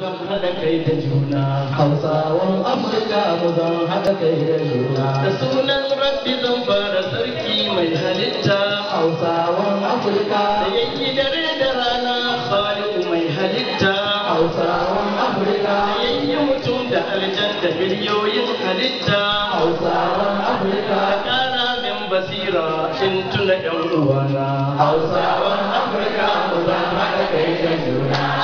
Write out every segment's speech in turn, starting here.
zan haɗa kai da juna hausawan afirka mu zan haɗa kai da juna da sunan rabbi zan fara sarki mai halitta hausawan afirka da yanki dare da rana khaliku mai halitta hausawan afirka da yanki mutum da aljan da miliyoyin halitta hausawan afirka ƙara min basira in tuna yan uwana hausawan afirka mu zan haɗa kai da juna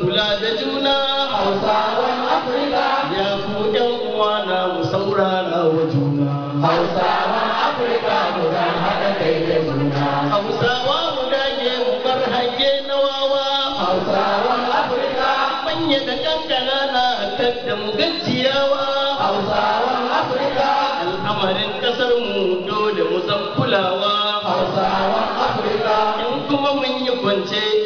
kula da juna hausawan afirka ya ku yan uwa na mu saurara wa juna hausawan afirka mu zan haɗa kai da juna hausawa mu dage mu bar hange na wawa hausawan afirka manya da kankana na hatar da mu gajiyawa hausawan afirka al'amarin ƙasar mu dole mu san kulawa hausawan afirka in kuma mun yi kwance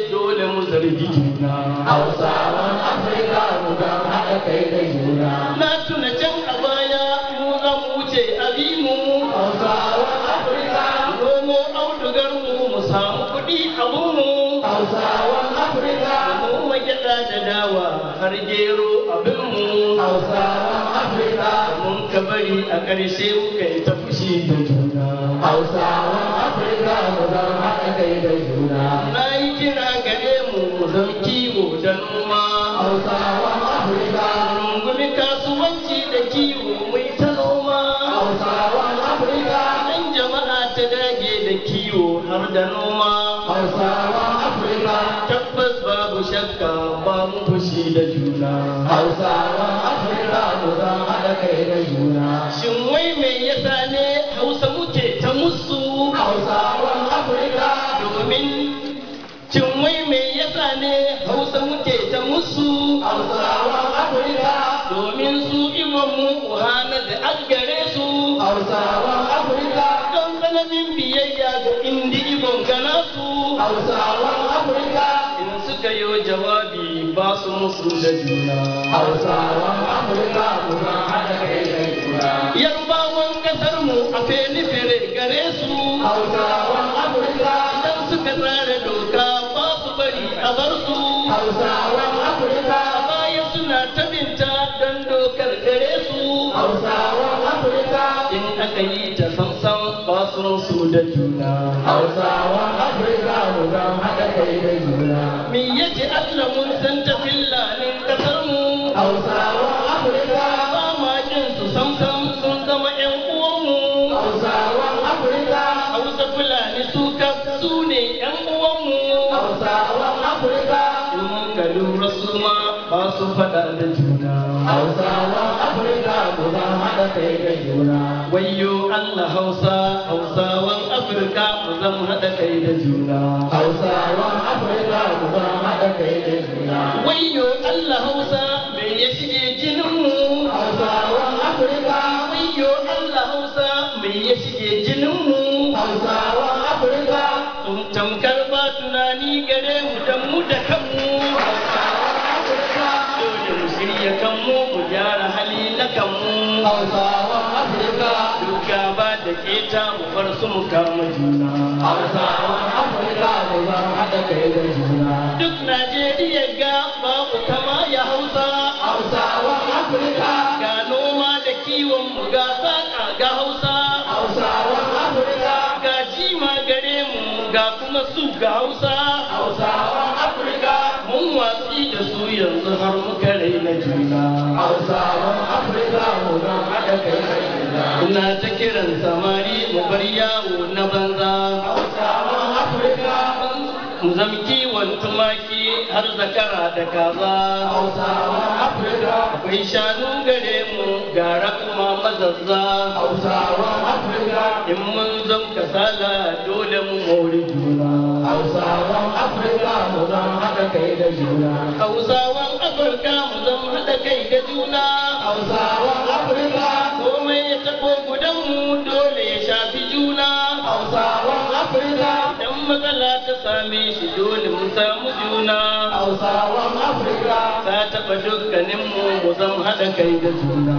na tuna can a baya mu za mu wuce abimu hausawa afirka nomo audugar mu mu samu kuɗi abun mu hausawa afirka mu magyaɗa da dawa har gero abin mu hausawa afirka mun ka bari a ƙarshe muka yi ta fushi da juna hausawa afirka mu zan haɗa kai da juna na yi kira gare mu mu zan kiwo da noma hausawa kiwo mai ta noma hausawan afirka an jama'a ta dage da kiwo har da noma hausawan afirka tabbas babu shakka ba mu fushi da juna hausawan afirka mu zan haɗa kai da juna shin wai me yasa ne hausa muke ta musu hausawan afirka domin shin wai me yasa ne hausa muke ta musu Hausa. mu uhanar da an gare su hausawan afirka don tsananin biyayya ga indi ibon gana su hausawan afirka in suka yi jawabi ba su musu da juna hausawan afirka kuma haɗa kai kai kuna yarbawan kasar mu a fene fere gare su hausawan afirka don suka tsara doka ba su bari a bar su hausawan aka yi ta sansan basuran su da juna hausawa afirka guda haɗa kai da juna me yace allah mun san ta fillanin kasar mu hausawa afirka ba ma jin su samsam sun zama ƴan uwan mu hausawa afirka hausa fulani su ka su ne yan uwan mu hausawa afirka masu faɗa da juna hausawa afirka kuma haɗa kai da juna wayo allah hausa hausawan afirka zan haɗa kai da juna hausawan afirka kuma haɗa kai da juna wayo allah hausa me ya shige jininmu hausawan afirka wayo allah hausa me ya shige jininmu hausawan dukan mu Hausawan Afirka duka da keta mu bar su mu kama juna Hausawan Afirka mu bar haɗa kai da juna duk Najeriya ga babu kama ya Hausa Hausawa Afirka ga noma da kiwon mu ga saƙa ga Hausa Hausawa Afirka ga jima gare mu ga kuma su ga Hausa Hausawa Afirka mun watsa yanzu har muka raina juna hausawan afirka na haɗa kai na ta kiran samari mu bar yawo na banza mu zama kiwon tumaki har zakara da kaza hausawa afirka akwai shanu gare mu gara kuma mazazza hausawa afirka in mun zan kasala dole mu mori juna hausawa afirka mu zan haɗa kai da juna hausawa afirka mu zan haɗa kai da juna hausawa afirka komai ya taɓo gudanmu dole ya shafi juna hausawa matsala ta same shi dole mu samu juna hausawan afirka ta taɓa dukkaninmu mu zan haɗa kai da juna